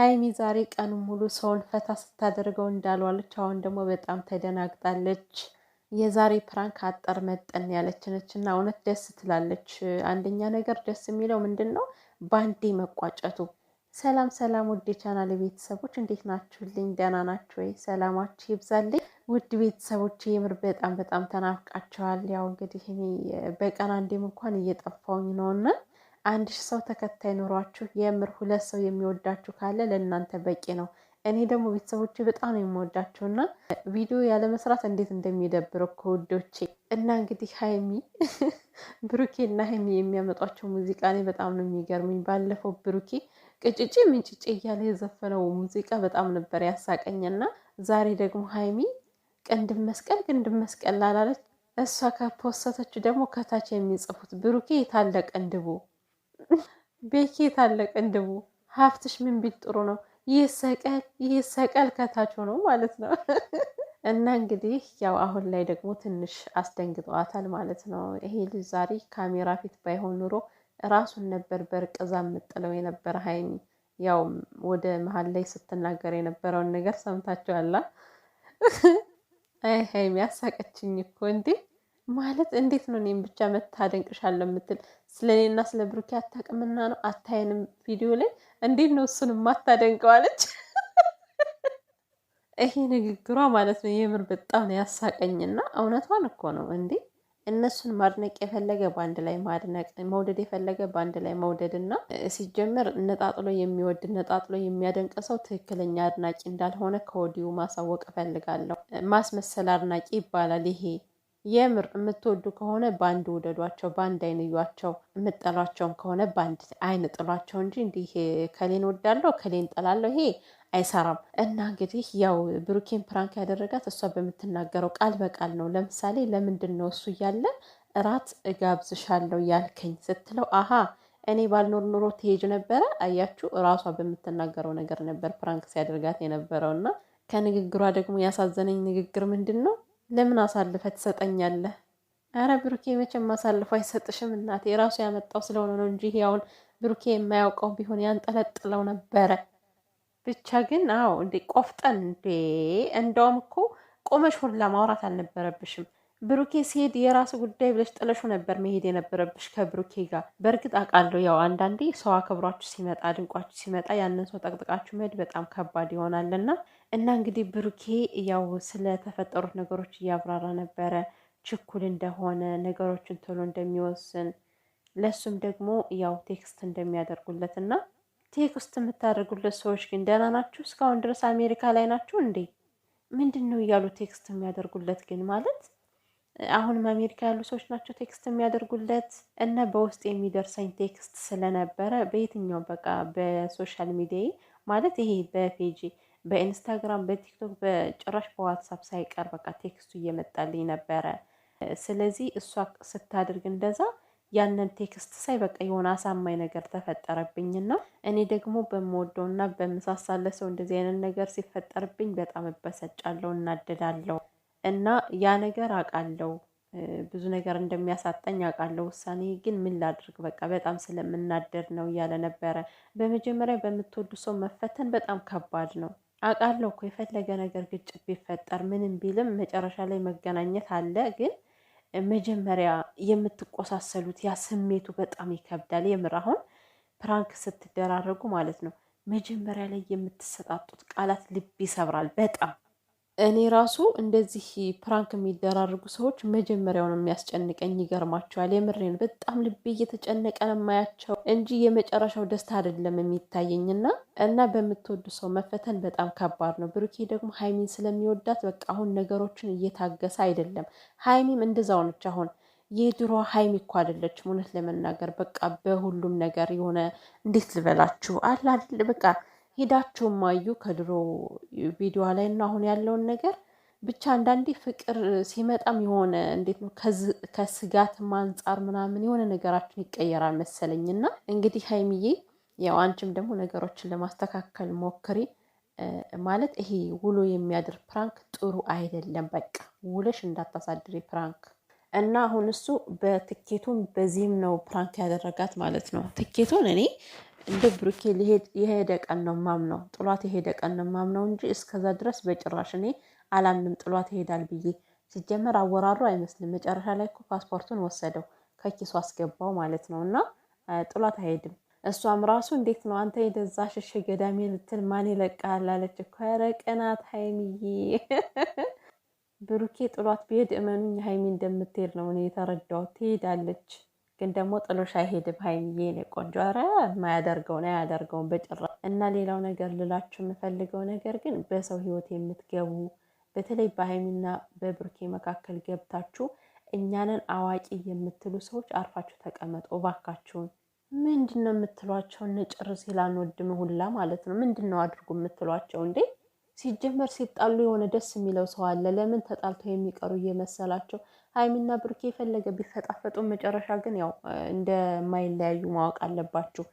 ሀይሚ ዛሬ ቀኑ ሙሉ ሰውን ፈታ ስታደርገው እንዳልዋለች አሁን ደግሞ በጣም ተደናግጣለች። የዛሬ ፕራንክ አጠር መጠን ያለች ነች እና እውነት ደስ ትላለች። አንደኛ ነገር ደስ የሚለው ምንድን ነው? ባንዴ መቋጨቱ። ሰላም ሰላም፣ ውድ የቻናል ቤተሰቦች እንዴት ናችሁልኝ? ደህና ናችሁ ወይ? ሰላማችሁ ይብዛልኝ። ውድ ቤተሰቦች የምር በጣም በጣም ተናፍቃችኋል። ያው እንግዲህ እኔ በቀን አንዴም እንኳን እየጠፋውኝ ነውና አንድ ሺህ ሰው ተከታይ ኖሯችሁ የምር ሁለት ሰው የሚወዳችሁ ካለ ለእናንተ በቂ ነው። እኔ ደግሞ ቤተሰቦቼ በጣም ነው እና ቪዲዮ ያለመስራት እንዴት እንደሚደብረ እኮ እና እንግዲህ ሀይሚ ብሩኬ እና ሀይሚ የሚያመጧቸው ሙዚቃ እኔ በጣም ነው የሚገርሙኝ። ባለፈው ብሩኬ ቅጭጭ ምንጭጭ እያለ የዘፈነው ሙዚቃ በጣም ነበር ያሳቀኝና ዛሬ ደግሞ ሀይሚ ቅንድም መስቀል ቅንድም መስቀል ላላለች እሷ። ከፖሰተች ደግሞ ከታች የሚጽፉት ብሩኬ የታለ ቅንድቡ ቤኪ የታለቀ እንድቡ ሀፍትሽ ምን ቢል ጥሩ ነው? ይህ ሰቀል ከታች ነው ማለት ነው። እና እንግዲህ ያው አሁን ላይ ደግሞ ትንሽ አስደንግጠዋታል ማለት ነው። ይሄ ልጅ ዛሬ ካሜራ ፊት ባይሆን ኑሮ ራሱን ነበር በርቅዛ የምጥለው የነበረ ሀይሚ ያው ወደ መሀል ላይ ስትናገር የነበረውን ነገር ሰምታችኋላ። ሀይሚ አሳቀችኝ እኮ እንዴ! ማለት እንዴት ነው? እኔም ብቻ መታ አደንቅሻለሁ የምትል ስለ እኔና ስለ ብሩኬ አታውቅምና ነው አታየንም ቪዲዮ ላይ እንዴት ነው እሱን ማታደንቀዋለች ይሄ ንግግሯ ማለት ነው የምር በጣም ነው ያሳቀኝና እውነቷን እኮ ነው እንዴ እነሱን ማድነቅ የፈለገ በአንድ ላይ ማድነቅ፣ መውደድ የፈለገ በአንድ ላይ መውደድ እና ሲጀመር ነጣጥሎ የሚወድ ነጣጥሎ የሚያደንቅ ሰው ትክክለኛ አድናቂ እንዳልሆነ ከወዲሁ ማሳወቅ እፈልጋለሁ። ማስመሰል አድናቂ ይባላል ይሄ። የምር የምትወዱ ከሆነ በአንድ ውደዷቸው፣ በአንድ አይን እዩዋቸው። ከሆነ በአንድ አይን ጥሏቸው እንጂ እንዲህ ከሌን ወዳለሁ ከሌን ጠላለሁ ይሄ አይሰራም። እና እንግዲህ ያው ብሩኬን ፕራንክ ያደረጋት እሷ በምትናገረው ቃል በቃል ነው። ለምሳሌ ለምንድን ነው እሱ እያለ እራት እጋብዝሻለሁ ያልከኝ ስትለው አሀ እኔ ባልኖር ኑሮ ትሄጅ ነበረ። አያችሁ እራሷ በምትናገረው ነገር ነበር ፕራንክ ሲያደርጋት የነበረው። እና ከንግግሯ ደግሞ ያሳዘነኝ ንግግር ምንድን ነው ለምን አሳልፈ ትሰጠኛለህ? አረ ብሩኬ መቼም አሳልፎ አይሰጥሽም እናቴ፣ ራሱ ያመጣው ስለሆነ ነው እንጂ ያውን ብሩኬ የማያውቀው ቢሆን ያንጠለጥለው ነበረ። ብቻ ግን አዎ እንዴ ቆፍጠን እንዴ! እንደውም እኮ ቆመሽ ሁላ ማውራት አልነበረብሽም። ብሩኬ ሲሄድ የራስ ጉዳይ ብለሽ ጥለሹ ነበር መሄድ የነበረብሽ ከብሩኬ ጋር። በእርግጥ አውቃለሁ፣ ያው አንዳንዴ ሰው አክብሯችሁ ሲመጣ ድንቋችሁ ሲመጣ ያንን ሰው ጠቅጥቃችሁ መሄድ በጣም ከባድ ይሆናልና እና እንግዲህ ብሩኬ ያው ስለተፈጠሩት ነገሮች እያብራራ ነበረ፣ ችኩል እንደሆነ ነገሮችን ቶሎ እንደሚወስን ለሱም ደግሞ ያው ቴክስት እንደሚያደርጉለት እና ቴክስት የምታደርጉለት ሰዎች ግን ደህና ናችሁ? እስካሁን ድረስ አሜሪካ ላይ ናችሁ እንዴ? ምንድን ነው እያሉ ቴክስት የሚያደርጉለት ግን ማለት አሁንም አሜሪካ ያሉ ሰዎች ናቸው ቴክስት የሚያደርጉለት እና በውስጥ የሚደርሰኝ ቴክስት ስለነበረ በየትኛው በቃ በሶሻል ሚዲያ ማለት ይሄ በፔጂ በኢንስታግራም፣ በቲክቶክ፣ በጭራሽ በዋትሳፕ ሳይቀር በቃ ቴክስቱ እየመጣልኝ ነበረ። ስለዚህ እሷ ስታደርግ እንደዛ ያንን ቴክስት ሳይ በቃ የሆነ አሳማኝ ነገር ተፈጠረብኝና እኔ ደግሞ በምወደውና በምሳሳለ ሰው እንደዚህ አይነት ነገር ሲፈጠርብኝ በጣም እበሰጫለሁ፣ እናድዳለሁ። እና ያ ነገር አውቃለሁ ብዙ ነገር እንደሚያሳጣኝ አውቃለሁ። ውሳኔ ግን ምን ላድርግ በቃ በጣም ስለምናደድ ነው እያለ ነበረ። በመጀመሪያ በምትወዱ ሰው መፈተን በጣም ከባድ ነው አውቃለሁ እኮ የፈለገ ነገር ግጭት ቢፈጠር ምንም ቢልም መጨረሻ ላይ መገናኘት አለ። ግን መጀመሪያ የምትቆሳሰሉት ያ ስሜቱ በጣም ይከብዳል። የምር አሁን ፕራንክ ስትደራረጉ ማለት ነው መጀመሪያ ላይ የምትሰጣጡት ቃላት ልብ ይሰብራል በጣም እኔ ራሱ እንደዚህ ፕራንክ የሚደራርጉ ሰዎች መጀመሪያውን የሚያስጨንቀኝ ይገርማቸዋል። የምሬን በጣም ልቤ እየተጨነቀ ነው የማያቸው እንጂ የመጨረሻው ደስታ አይደለም የሚታየኝና እና በምትወዱ ሰው መፈተን በጣም ከባድ ነው። ብሩኬ ደግሞ ሀይሚን ስለሚወዳት በቃ አሁን ነገሮችን እየታገሰ አይደለም። ሀይሚም እንደዛው ነች። አሁን የድሮ ሀይሚ እኮ አይደለችም። እውነት ለመናገር በቃ በሁሉም ነገር የሆነ እንዴት ልበላችሁ አላ በቃ ሄዳቸው ማዩ ከድሮ ቪዲዮ ላይ እና አሁን ያለውን ነገር ብቻ አንዳንዴ ፍቅር ሲመጣም የሆነ እንዴት ነው ከስጋትም አንጻር ምናምን የሆነ ነገራችን ይቀየራል መሰለኝ። እና እንግዲህ ሀይሚዬ ያው አንቺም ደግሞ ነገሮችን ለማስተካከል ሞክሪ። ማለት ይሄ ውሎ የሚያድር ፕራንክ ጥሩ አይደለም። በቃ ውለሽ እንዳታሳድሪ ፕራንክ እና አሁን እሱ በትኬቱም በዚህም ነው ፕራንክ ያደረጋት ማለት ነው። ትኬቱን እኔ እንደ ብሩኬ የሄደ ቀን ነው ማምነው፣ ጥሏት የሄደ ቀን ነው ማምነው እንጂ እስከዛ ድረስ በጭራሽ እኔ አላምንም ጥሏት ይሄዳል ብዬ። ሲጀመር አወራሩ አይመስልም። መጨረሻ ላይ እኮ ፓስፖርቱን ወሰደው ከኪሱ አስገባው ማለት ነው። እና ጥሏት አይሄድም። እሷም ራሱ እንዴት ነው አንተ የደዛ ሸሸ ገዳሜ ልትል ማን ይለቃል አለች እኮ። ኧረ ቅናት ሀይሚዬ። ብሩኬ ጥሏት ብሄድ እመኑኝ ሀይሚ እንደምትሄድ ነው እኔ የተረዳሁት። ትሄዳለች። ግን ደግሞ ጥሎሽ አይሄድም ሀይሚዬ የኔ ቆንጆ። ኧረ የማያደርገውን አያደርገውን በጭራሽ። እና ሌላው ነገር ልላችሁ የምፈልገው ነገር ግን በሰው ህይወት የምትገቡ በተለይ በሀይሚና በብሩኬ መካከል ገብታችሁ እኛንን አዋቂ የምትሉ ሰዎች አርፋችሁ ተቀመጡ እባካችሁን። ምንድን ነው የምትሏቸው? ንጭር ይላል ወድም ሁላ ማለት ነው። ምንድን ነው አድርጉ የምትሏቸው እንዴ? ሲጀመር ሲጣሉ የሆነ ደስ የሚለው ሰው አለ። ለምን ተጣልተው የሚቀሩ እየመሰላቸው ሀይሚና ብሩኬ የፈለገ ቢፈጣፈጡ መጨረሻ ግን ያው እንደማይለያዩ ማወቅ አለባችሁ።